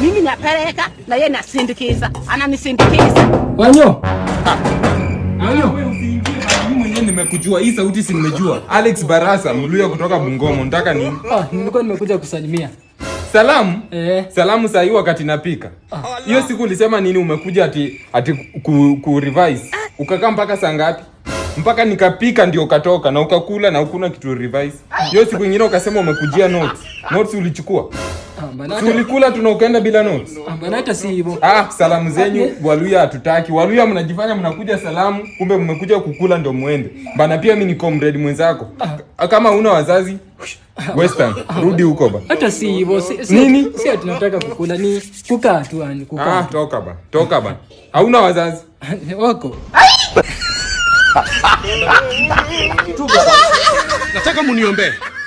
mimi napeleka na yeye nasindikiza, ananisindikiza. Wanyo. Wanyo. nimekujua hii sauti, si nimejua Alex Barasa Mluya kutoka Bungoma. Nataka nini? Ah, nilikuwa nimekuja kusalimia. Salamu? Eh. Salamu saa hii wakati napika. Ah. Hiyo siku ulisema nini umekuja ati ati ku, ku revise? Ah. Ukakaa mpaka saa ngapi? Mpaka nikapika ndio ukatoka na ukakula na ukuna kitu revise. Ah. Hiyo siku nyingine ukasema umekujia notes. Notes ulichukua? Tulikula tunaukenda bila notes. Ambanata si Ah, salamu zenyu ah, Waluya hatutaki. Waluya mnajifanya mnakuja salamu, kumbe mmekuja kukula ndo mwende Bana pia mimi ni comrade mwenzako. Ah. Kama una wazazi Western, ah. rudi huko ba. Hata si hivyo. Nini? Si tunataka kukula ni kukaa tu yani kukaa. Ah, toka ba. Toka ba. Hauna wazazi? Wako. Nataka muniombee.